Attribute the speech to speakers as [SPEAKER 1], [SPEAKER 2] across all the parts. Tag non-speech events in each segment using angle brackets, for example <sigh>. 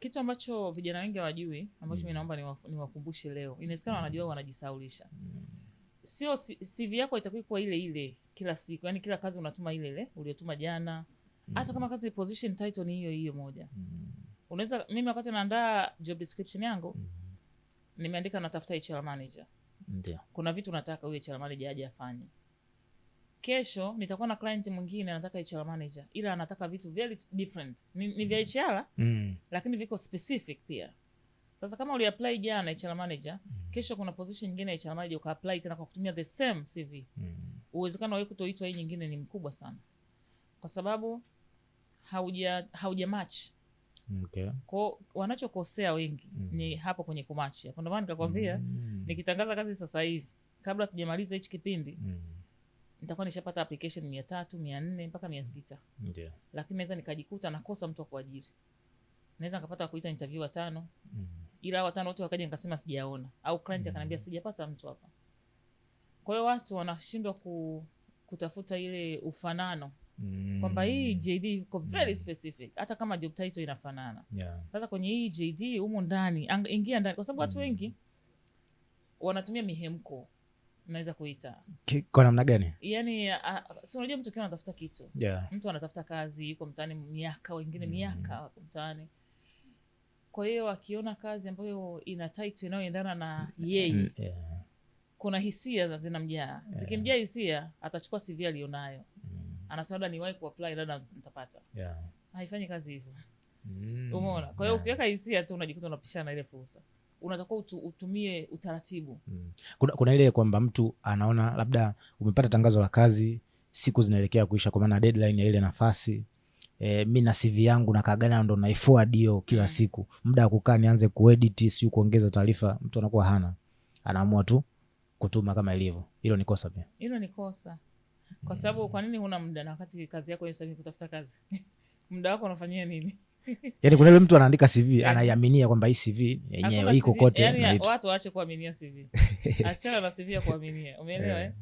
[SPEAKER 1] Kitu ambacho vijana wengi hawajui ambacho mm. mimi naomba niwakumbushe leo, inawezekana mm. wanajua, wanajisaulisha. mm. Sio CV yako itakuwa kuwa ile ile kila siku, yani kila kazi unatuma ile ile uliyotuma jana, mm. hata mm. kama kazi position title ni hiyo hiyo moja. mm. Unaweza mimi wakati naandaa job description yangu mm. nimeandika natafuta HR manager. Ndio. Kuna vitu nataka huyo HR manager aje afanye kesho nitakuwa na client mwingine anataka HR manager, ila anataka vitu very different. Ni, ni vya mm. HR mm. lakini viko specific pia. Sasa kama uli apply jana HR manager, mm. kesho kuna position nyingine ya HR manager uka apply tena kwa kutumia the same CV mm. uwezekano wa kutoitwa hii nyingine ni mkubwa sana, kwa sababu hauja hauja match Okay. kwa wanachokosea wengi mm. ni hapo kwenye kumachi hapo, ndio maana nikakwambia mm. nikitangaza kazi sasa hivi kabla tujamaliza hichi kipindi mm nitakuwa nishapata application mia tatu mia nne mpaka mia sita yeah. Lakini naweza nikajikuta nakosa mtu wa kuajiri, naweza nikapata wakuita interview watano mm -hmm. ila watano wote wakaja nikasema sijaona, au client mm -hmm. sijapata mtu hapa. Kwa hiyo watu wanashindwa ku, kutafuta ile ufanano mm -hmm. kwamba hii JD iko very mm -hmm. specific, hata kama job title inafanana yeah. Sasa kwenye hii JD humo ndani, ingia ndani, kwa sababu watu mm -hmm. wengi wanatumia mihemko naweza kuita kwa namna gani? Yani si unajua, mtu kiwa anatafuta kitu yeah. Mtu anatafuta kazi, yuko mtaani miaka, wengine mm-hmm. miaka mm. wako mtaani kwa hiyo akiona kazi ambayo ina tit inayoendana na yeye mm, yeah. Kuna hisia zinamjaa, zikimjaa hisia atachukua sivi aliyonayo mm. anasema labda niwahi kuapply, labda yeah. Haifanyi kazi hivyo mm. umona Kwa hiyo yeah. Ukiweka hisia tu unajikuta unapishana ile fursa unatakiwa utumie utaratibu mm.
[SPEAKER 2] Kuna, kuna ile kwamba mtu anaona labda umepata tangazo la kazi, siku zinaelekea kuisha, kwa maana deadline ya ile nafasi E, mi na CV yangu na ndo naiforward kila mm. siku, muda wa kukaa nianze kuedit, siu kuongeza taarifa, mtu anakuwa hana, anaamua tu kutuma kama ilivyo. Hilo ni kosa pia,
[SPEAKER 1] hilo ni kosa kwa mm. sababu kwa nini huna muda na wakati kazi yako kutafuta kazi <laughs> muda wako unafanyia nini?
[SPEAKER 2] yani kuna ile mtu anaandika CV yeah. anaiaminia kwamba hii CV yenyewe iko
[SPEAKER 1] kote. Yani watu waache kuaminia CV, <laughs> achana na CV ya kuaminia, umeelewa eh. eh?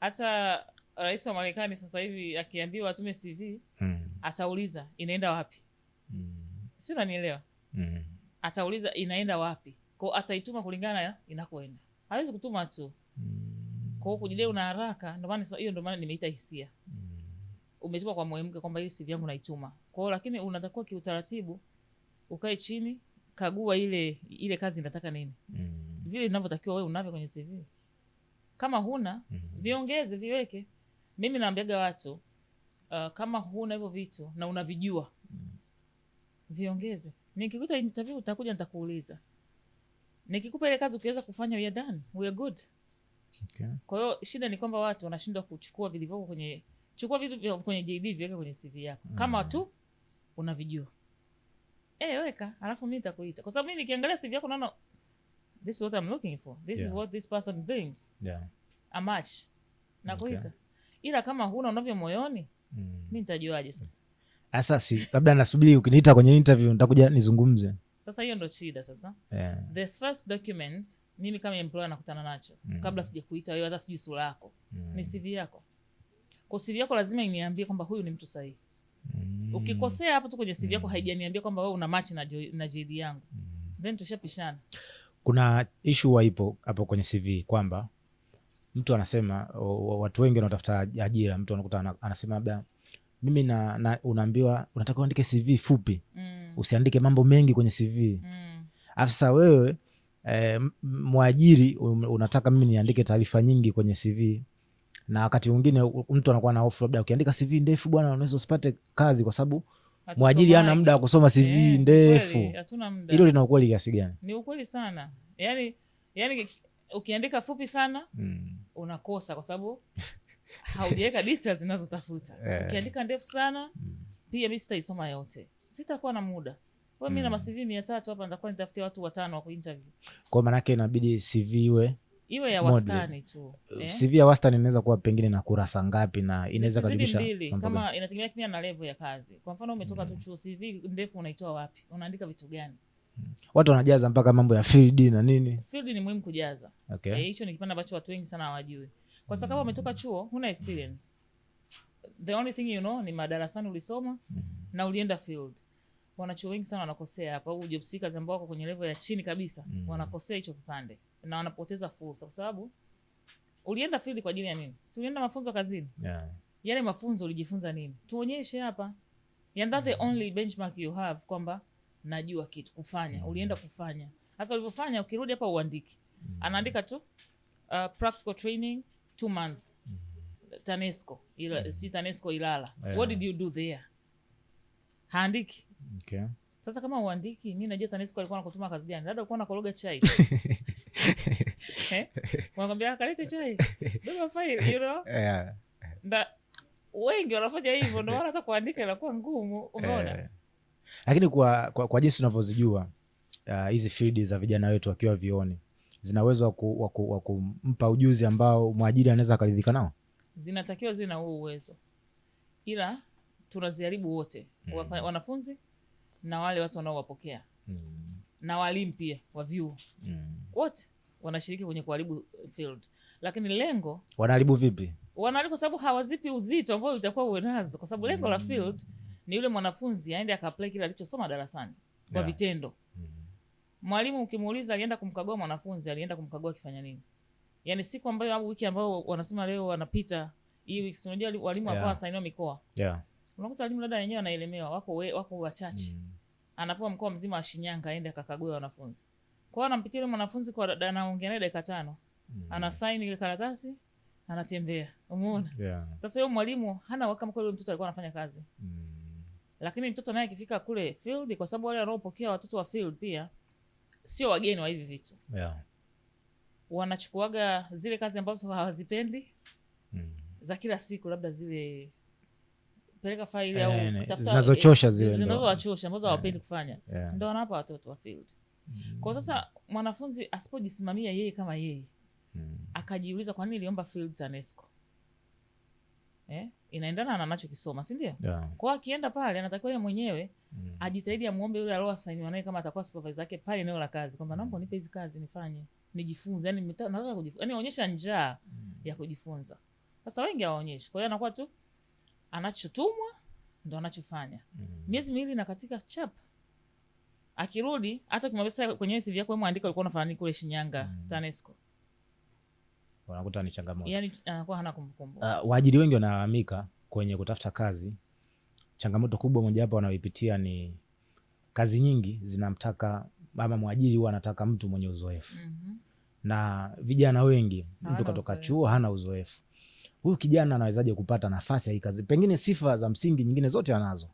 [SPEAKER 1] Hata rais wa Marekani sasa hivi akiambiwa atume CV mm. atauliza inaenda wapi mm. si unanielewa mm. atauliza inaenda wapi kwao, ataituma kulingana na inakoenda, hawezi kutuma tu mm. kwao kujidai una haraka. Ndio maana hiyo, ndio maana nimeita hisia mm umetuma kwa mwanamke kwamba hii CV yangu naituma Kwa hiyo lakini unatakiwa kiutaratibu ukae chini, kagua ile ile kazi inataka nini mm. vile inavyotakiwa wewe unavyo kwenye CV. Kama huna mm -hmm. viongeze, viweke. Mimi naambiaga watu uh, kama huna hivyo vitu na unavijua mm. viongeze. Nikikuta interview utakuja, nitakuuliza nikikupa ile kazi ukiweza kufanya, we are done, we are good. Okay. Kwa hiyo shida ni kwamba watu wanashindwa kuchukua vilivyoko kwenye chukua vitu vya kwenye JD viweka kwenye CV yako mm. kama tu unavijua e, weka, alafu mi nitakuita kwa sababu mi nikiangalia CV yako naona this is what I'm looking for, this yeah. is what this person thinks yeah. a match nakuita, okay. ila kama huna unavyo moyoni mm. mi nitajuaje sasa?
[SPEAKER 2] Sasa si labda nasubiri ukiniita kwenye interview nitakuja nizungumze.
[SPEAKER 1] Sasa hiyo ndo shida sasa. Yeah. The first document mimi kama employer nakutana nacho mm. kabla sijakuita wewe, hata sijui sura yako mm. ni CV yako kwa CV yako lazima iniambie kwamba huyu ni mtu sahihi. Mm. Ukikosea hapo tu kwenye CV yako mm. haijaniambia kwamba wewe una match na na JD yangu. Mm. Then tushapishana.
[SPEAKER 2] Kuna issue waipo hapo kwenye CV kwamba mtu anasema watu wengi wanatafuta ajira, mtu anakuta anasema labda mimi na, na unaambiwa unataka uandike CV fupi. Mm. Usiandike mambo mengi kwenye CV. Mm. Afisa wewe eh, mwajiri um, unataka mimi niandike taarifa nyingi kwenye CV na wakati mwingine mtu anakuwa na hofu, labda ukiandika CV ndefu bwana, unaweza usipate kazi kwa sababu mwajiri ana muda wa kusoma CV e, eh, ndefu. Hilo lina ukweli kiasi gani?
[SPEAKER 1] Ni ukweli sana, yani, yani ukiandika fupi sana mm. unakosa kwa sababu <laughs> haujaweka details zinazotafuta yeah. Ukiandika ndefu sana mm. pia mi sitaisoma yote, sitakuwa na muda kwa mimi mm. na hmm. CV mia tatu hapa nitakuwa nitafutia watu watano wa kuinterview.
[SPEAKER 2] Kwa maanake inabidi CV iwe
[SPEAKER 1] iwe ya wastani tu
[SPEAKER 2] uh, eh? CV ya wastani inaweza kuwa pengine na kurasa ngapi, na inaweza kujibisha
[SPEAKER 1] kama inategemea kimya na level ya kazi. Kwa mfano umetoka mm. tu chuo, CV ndefu unaitoa wapi? Unaandika vitu gani?
[SPEAKER 2] Mm. Watu wanajaza mpaka mambo ya field na nini.
[SPEAKER 1] Field ni muhimu kujaza, okay. Eh, ni kipande ambacho watu wengi sana hawajui, kwa sababu mm. umetoka chuo huna experience, the only thing you know ni madarasani ulisoma mm. na ulienda field wanachuo wengi sana wanakosea hapa, au job seekers ambao wako kwenye level ya chini kabisa mm. wanakosea hicho kipande na wanapoteza fursa, kwa sababu ulienda field kwa ajili ya nini? Si ulienda mafunzo kazini? yeah. Yale mafunzo ulijifunza nini? Tuonyeshe hapa, and that's mm. the only benchmark you have, kwamba najua kitu kufanya. mm. Ulienda kufanya sasa, ulivyofanya ukirudi hapa uandike. mm. Anaandika tu uh, practical training two month mm. TANESCO ila, mm. si TANESCO Ilala. yeah. What did you do there? Haandiki Okay. Sasa kama uandiki, mi najua TANESCO alikuwa anakutuma kazi gani? Labda chai <laughs> eh? Wanakwambia ah, kalete chai, <laughs> faili, you know? Yeah. Na wengi wanafanya hivyo, ndio maana hata kuandika inakuwa ngumu, umeona eh.
[SPEAKER 2] Lakini kwa, kwa, kwa jinsi unavyozijua uh, hizi uh, field za vijana wetu wakiwa vioni zina uwezo wa kumpa ujuzi ambao mwajiri anaweza akaridhika nao,
[SPEAKER 1] zinatakiwa ziwe na huo uwezo, ila tunaziharibu wote mm. Wanafunzi na wale watu wanaowapokea mm. na walimu pia wa vyuo mm. wote wanashiriki kwenye kuharibu field, lakini lengo
[SPEAKER 2] wanaharibu vipi?
[SPEAKER 1] Wanaharibu kwa sababu hawazipi uzito ambao utakuwa unazo, kwa sababu lengo mm. la field ni yule mwanafunzi aende akaplai kile alichosoma darasani kwa yeah. vitendo mm. Mwalimu ukimuuliza alienda kumkagua mwanafunzi, alienda kumkagua akifanya nini? Yaani siku ambayo au wiki ambayo wanasema leo wanapita hii wiki, unajua walimu ambao yeah. wasainiwa mikoa yeah unakuta walimu labda wenyewe wanaelemewa, wako we, wako wachache mm. anapewa mkoa mzima wa Shinyanga aende akakague wanafunzi. Kwa hiyo anampitia yule mwanafunzi kwa dada, anaongea naye dakika tano mm. ana sign ile karatasi anatembea, umeona yeah. Sasa yule mwalimu hana uhakika kama yule mtoto alikuwa anafanya kazi mm. lakini mtoto naye akifika kule field, kwa sababu wale wanaopokea watoto wa field pia sio wageni wa hivi vitu yeah. wanachukuaga zile kazi ambazo hawazipendi mm. za kila siku labda zile
[SPEAKER 2] kupeleka faili au eh, zinazochosha zile
[SPEAKER 1] zinazowachosha ambazo eh. hawapendi kufanya, ndo wanawapa watoto wa field. Mm. Kwa sasa mwanafunzi asipojisimamia yeye kama yeye mm. akajiuliza, kwa nini niliomba field TANESCO? Eh, inaendana na anachokisoma si ndio? Yeah. Kwa akienda pale anatakiwa yeye mwenyewe mm. ajitahidi amuombe yule aliyosainiwa naye kama atakuwa supervisor yake pale eneo la kazi kwamba naomba mm. unipe hizi kazi nifanye, nijifunze, yani nataka kujifunza. yani onyesha njaa mm. ya kujifunza. Sasa wengi hawaonyeshi. Kwa hiyo anakuwa tu anachotumwa ndo anachofanya mm. miezi miwili na katika chap akirudi hata kimwambia kwenye CV yako mwandika alikuwa unafanya kule Shinyanga mm. TANESCO
[SPEAKER 2] wanakuta ni changamoto
[SPEAKER 1] yani, anakuwa hana kumbukumbu.
[SPEAKER 2] Uh, waajiri wengi wanalalamika kwenye kutafuta kazi. Changamoto kubwa mojawapo wanayoipitia ni kazi nyingi zinamtaka ama mwajiri huwa anataka mtu mwenye uzoefu mm -hmm. na vijana wengi, mtu katoka chuo hana uzoefu huyu kijana anawezaje kupata nafasi ya hii kazi? Pengine sifa za msingi nyingine zote anazo,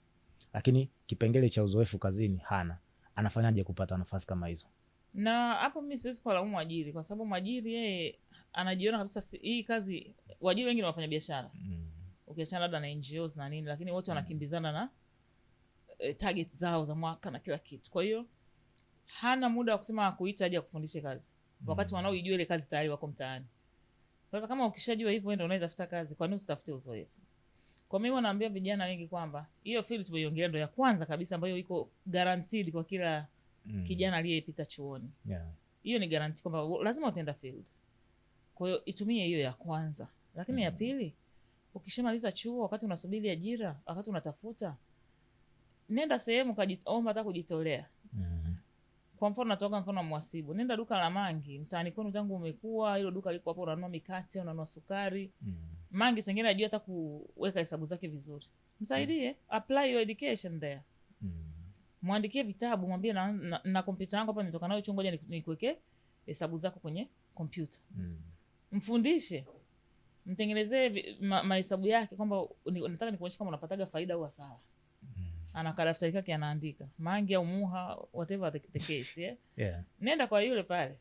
[SPEAKER 2] lakini kipengele cha uzoefu kazini hana. Anafanyaje kupata nafasi kama hizo?
[SPEAKER 1] Na hapo mimi siwezi kulaumu mwajiri, kwa sababu mwajiri yeye anajiona kabisa hii kazi. Wajiri wengi ni wafanya biashara mm. ukiachana labda na NGOs na nini, lakini wote mm. wanakimbizana na e, target zao za mwaka na kila kitu. Kwa hiyo hana muda wa kusema kuita aje akufundishe kazi, wakati mm. wanaoijua ile kazi tayari wako mtaani sasa kama ukishajua hivyo wewe ndio unaitafuta kazi, kwa nini usitafute uzoefu? Kwa mimi wanaambia vijana wengi kwamba hiyo field tumeiongelea ndio ya kwanza kabisa ambayo iko guaranteed kwa kila mm. kijana aliyepita chuoni. Yeah. Hiyo ni guarantee kwamba lazima utaenda field. Kwa hiyo itumie hiyo ya kwanza. Lakini mm. ya pili ukishamaliza chuo, wakati unasubiri ajira, wakati unatafuta, nenda sehemu kajiomba hata kujitolea. Kwa mfano natoka mfano mwasibu, nenda duka la mangi mtaani kwenu, tangu umekuwa hilo duka liko hapo, unanua mikate, unanua sukari mm. Mangi sengine ajui hata kuweka hesabu zake vizuri, msaidie mm. apply your education there mm. Mwandikie vitabu, mwambie na, na, na kompyuta yangu hapa nitoka nayo chungu, nikuweke nikuwekee hesabu zako kwenye kompyuta mm. Mfundishe, mtengenezee mahesabu ma yake, kwamba nataka nikuonyesha kama unapataga faida au hasara ana kadaftari kake anaandika mangi au muha whatever the, the case yeah? yeah. nenda kwa yule pale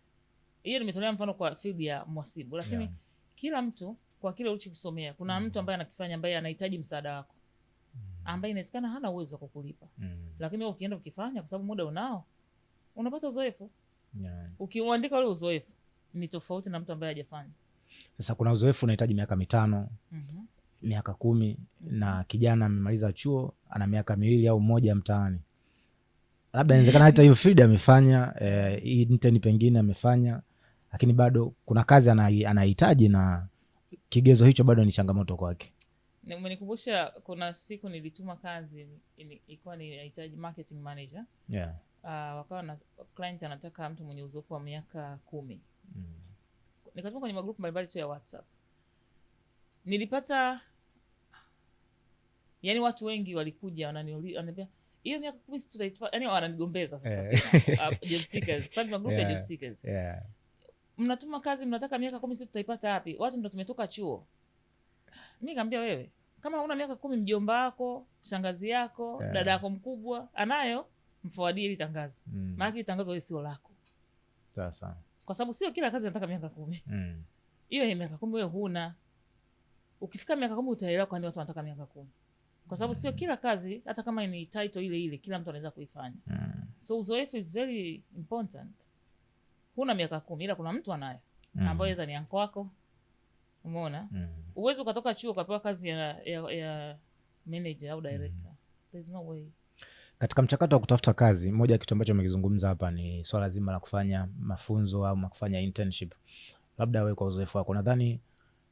[SPEAKER 1] hiyo nimetolea mfano kwa field ya mwasibu lakini yeah. kila mtu kwa kile ulichokisomea kuna mm. hmm mtu ambaye anakifanya ambaye anahitaji msaada wako mm. hmm ambaye inawezekana hana uwezo wa kukulipa mm. hmm lakini wewe ukienda ukifanya kwa sababu muda unao unapata uzoefu yeah. ukiuandika ule uzoefu ni tofauti na mtu ambaye hajafanya
[SPEAKER 2] sasa kuna uzoefu unahitaji miaka mitano mm -hmm miaka kumi na kijana amemaliza chuo ana miaka miwili au mmoja mtaani, labda inawezekana hata hiyo field amefanya eh, intern pengine amefanya, lakini bado kuna kazi anahitaji na kigezo hicho bado ni changamoto kwake.
[SPEAKER 1] Umenikumbusha, kuna siku nilituma kazi ilikuwa ninahitaji marketing manager yeah. Uh, wakawa na client anataka mtu mwenye uzoefu wa miaka kumi mm. Nikatuma kwenye magrupu mbalimbali tu ya WhatsApp nilipata yani watu wengi walikuja wananiambia hiyo miaka kumi si tutaitua, yani wananigombeza sasa eh. tena ah, magrupu ya jobseekers mnatuma kazi mnataka miaka kumi si tutaipata wapi? Watu ndo tumetoka chuo. Mi kaambia wewe, kama una miaka kumi, mjomba wako, shangazi yako, yeah. dada yako mkubwa anayo, mfawadie hili tangazo mm. maanake hili tangazo sio lako sasa, kwa sababu sio kila kazi nataka miaka kumi mm. hiyo mm. miaka kumi wewe huna, ukifika miaka kumi utaelewa kwani watu wanataka miaka kumi kwa sababu sio kila kazi, hata kama ni title ile ile, kila mtu anaweza kuifanya mm. So uzoefu is very important. Huna miaka kumi, ila kuna mtu anayo mm. ambayo eza ni anko wako, umeona mm. Uwezi ukatoka chuo ukapewa kazi ya, ya, ya manager au director mm. There's no way.
[SPEAKER 2] Katika mchakato wa kutafuta kazi, moja ya kitu ambacho umekizungumza hapa ni swala zima la kufanya mafunzo au kufanya internship. Labda wewe kwa uzoefu wako, nadhani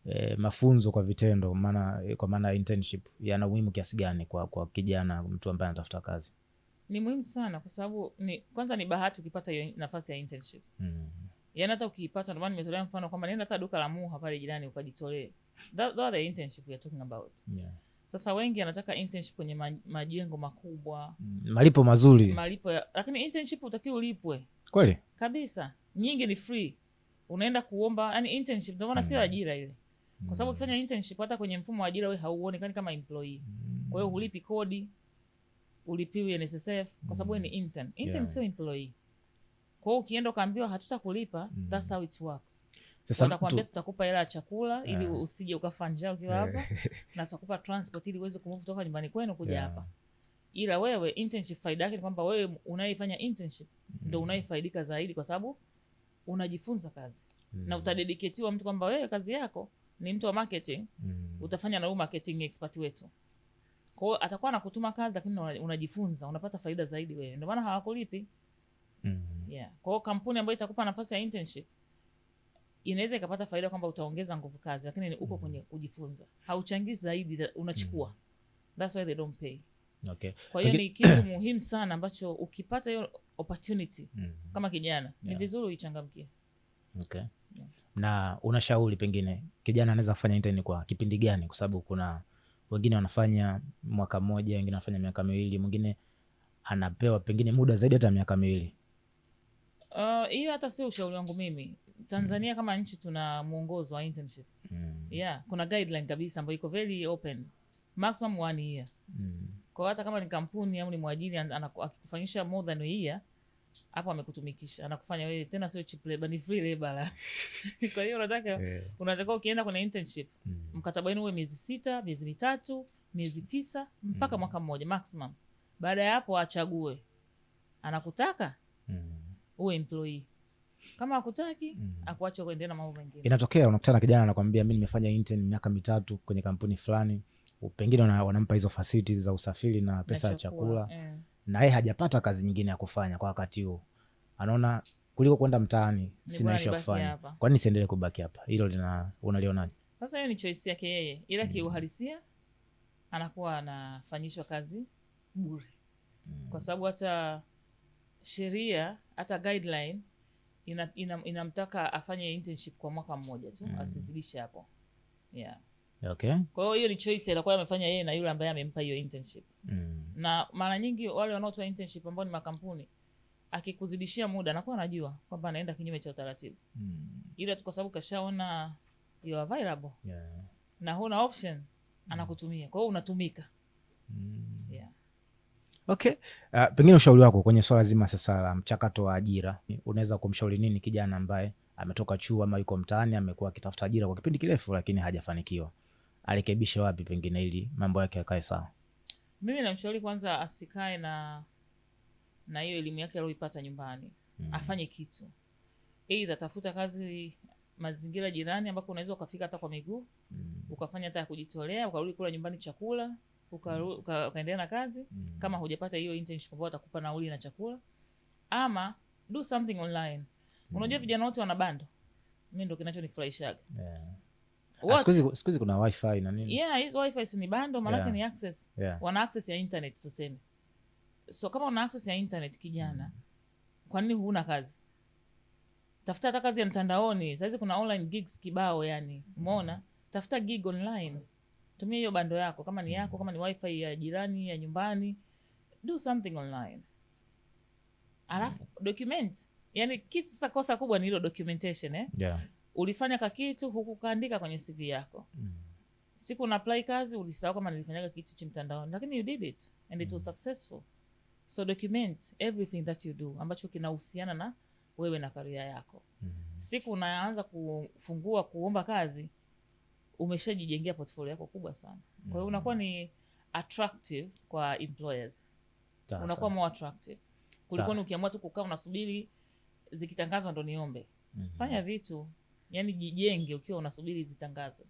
[SPEAKER 2] eh, mafunzo kwa vitendo maana, kwa maana internship yana umuhimu kiasi gani kwa, kwa kijana mtu ambaye anatafuta kazi?
[SPEAKER 1] Ni muhimu sana kwa sababu ni, kwanza ni bahati ukipata hiyo nafasi ya internship mm. Yaani hata ukiipata, ndio maana nimetolea mfano kwamba nenda hata duka la Muha pale jirani ukajitolee. That, that are the internship we are talking about. Yeah. Sasa wengi anataka internship kwenye majengo makubwa
[SPEAKER 2] mm, malipo mazuri,
[SPEAKER 1] malipo ya, lakini internship utakiwa ulipwe kweli kabisa, nyingi ni free, unaenda kuomba yani internship, ndio maana sio mm. ajira ile kwa sababu mm. ukifanya internship hata kwenye mfumo wa ajira wewe hauonekani kama employee. Mm. Kwa hiyo hulipi kodi, ulipiwi NSSF kwa sababu wewe ni mm. intern. Intern yeah. sio employee. Kwa hiyo ukienda ukaambiwa hatutakulipa, mm. that's how it works. Sasa watakwambia tutakupa hela ya chakula yeah. ili usije ukafa njaa ukiwa hapa <laughs> na tutakupa transport ili uweze kumove kutoka nyumbani kwenu kuja hapa. Ila wewe internship faida yake ni kwamba wewe unayefanya internship ndio unayefaidika zaidi kwa sababu unajifunza kazi mm. na utadediketiwa mtu kwamba wewe kazi yako ni mtu wa marketing mm. utafanya na huyu marketing expert wetu. Kwa hiyo atakuwa anakutuma kazi, lakini unajifunza, unapata faida zaidi wewe, ndio maana hawakulipi mm. hmm yeah. Kwa hiyo kampuni ambayo itakupa nafasi ya internship inaweza ikapata faida kwamba utaongeza nguvu kazi, lakini upo mm. kwenye kujifunza, hauchangii zaidi, unachukua mm. hmm That's why they don't pay. Okay. Kwa hiyo ni kitu <clears throat> muhimu sana ambacho ukipata hiyo opportunity mm -hmm. kama kijana yeah. ni vizuri uichangamkie. Okay
[SPEAKER 2] na unashauri pengine kijana anaweza kufanya intern kwa kipindi gani? Kwa sababu kuna wengine wanafanya mwaka mmoja, wengine wanafanya miaka miwili, mwingine anapewa pengine muda zaidi hata miaka miwili.
[SPEAKER 1] Uh, hiyo uh, hata sio ushauri wangu mimi. Tanzania mm. kama nchi tuna mwongozo wa internship mm. yeah, kuna guideline kabisa ambayo iko very open, maximum one year mm. kwa hata kama ni kampuni au ni mwajiri akikufanyisha more than a year hapo amekutumikisha, anakufanya wewe tena, sio cheap labor, ni free labor la <laughs> kwa hiyo unataka yeah. unataka ukienda kwenye internship mm. mkataba wenu uwe miezi sita, miezi mitatu, miezi tisa mpaka mm. mwaka mmoja maximum. Baada ya hapo achague anakutaka mm. uwe employee kama akutaki mm. akuache kuendelea na mambo mengine.
[SPEAKER 2] Inatokea unakutana kijana anakwambia, mi nimefanya intern miaka mitatu kwenye kampuni fulani, pengine wanampa hizo facilities za usafiri na pesa ya chakula, chakula. Yeah na yeye hajapata kazi nyingine ya kufanya kwa wakati huo, anaona kuliko kwenda mtaani, sina ishu ya kufanya, kwa nini siendelee kubaki hapa? Hilo lina unalionaje?
[SPEAKER 1] Sasa hiyo ni choice yake yeye, ila mm. kiuhalisia anakuwa anafanyishwa kazi bure mm. kwa sababu hata sheria hata guideline inamtaka ina, ina afanye internship kwa mwaka mmoja tu mm. asizidishe hapo yeah. Okay. Kwa hiyo hiyo ni choice anakuwa amefanya yeye na yule ambaye amempa hiyo internship. Mm. Na mara nyingi wale wanaotoa internship ambao ni makampuni akikuzidishia muda anakuwa anajua kwamba anaenda kinyume cha utaratibu. Mm. Ila kwa sababu kashaona you are available. Yeah. Na huna option anakutumia. Kwa hiyo unatumika. Mm.
[SPEAKER 2] Yeah. Okay. Uh, pengine ushauri wako kwenye swala zima sasa la mchakato wa ajira, unaweza kumshauri nini kijana ambaye ametoka chuo ama yuko mtaani amekuwa akitafuta ajira kwa kipindi kirefu lakini hajafanikiwa? arekebishe wapi pengine ili mambo yake yakae sawa?
[SPEAKER 1] Mimi namshauri kwanza asikae na na hiyo elimu yake aliyoipata nyumbani mm. Afanye kitu eidha tafuta kazi mazingira jirani ambako unaweza ukafika hata kwa miguu mm. Ukafanya hata ya kujitolea, ukarudi kula nyumbani chakula mm-hmm. ukaendelea mm. uka na kazi mm. Kama hujapata hiyo internship ambayo atakupa nauli na chakula, ama do something online mm. Unajua vijana wote wana bando, mimi ndo kinachonifurahishaga yeah.
[SPEAKER 2] Ah, sikuhizi kuna wifi na nini,
[SPEAKER 1] yeah, wifi si ni bando maanake, yeah. ni access yeah. wana access ya internet tuseme. So kama una access ya internet kijana, mm. kwa nini huna kazi? Tafuta hata kazi ya mtandaoni. saizi kuna online gigs kibao, yani umeona, tafuta gig online, tumia hiyo bando yako, kama ni yako, kama ni wifi ya jirani ya nyumbani, do something online, alafu document. Yani kitu kosa kubwa ni hilo documentation, eh? yeah ulifanya kakitu hukukaandika kwenye CV yako mm. siku na kazi ulisahau kama nilifanyaga kitu cha mtandaoni, lakini you did it and it mm. was successful. So document everything that you do ambacho kinahusiana na wewe na karia yako mm. siku unaanza kufungua kuomba kazi umeshajijengea portfolio yako kubwa sana, kwa hiyo mm. unakuwa ni attractive kwa employers, unakuwa more attractive kulikoni ukiamua tu kukaa unasubiri zikitangazwa ndo niombe. mm -hmm. Fanya vitu yani jijenge ukiwa unasubiri hizi tangazo